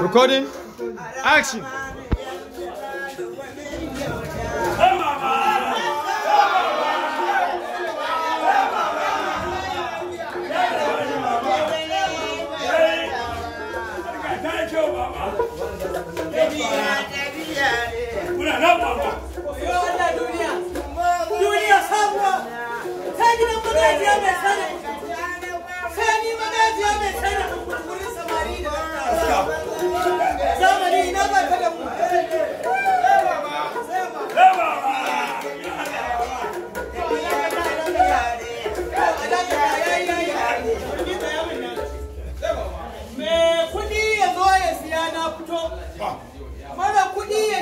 Recording. Action. Duniya sabuwa, ta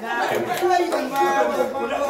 可以吗？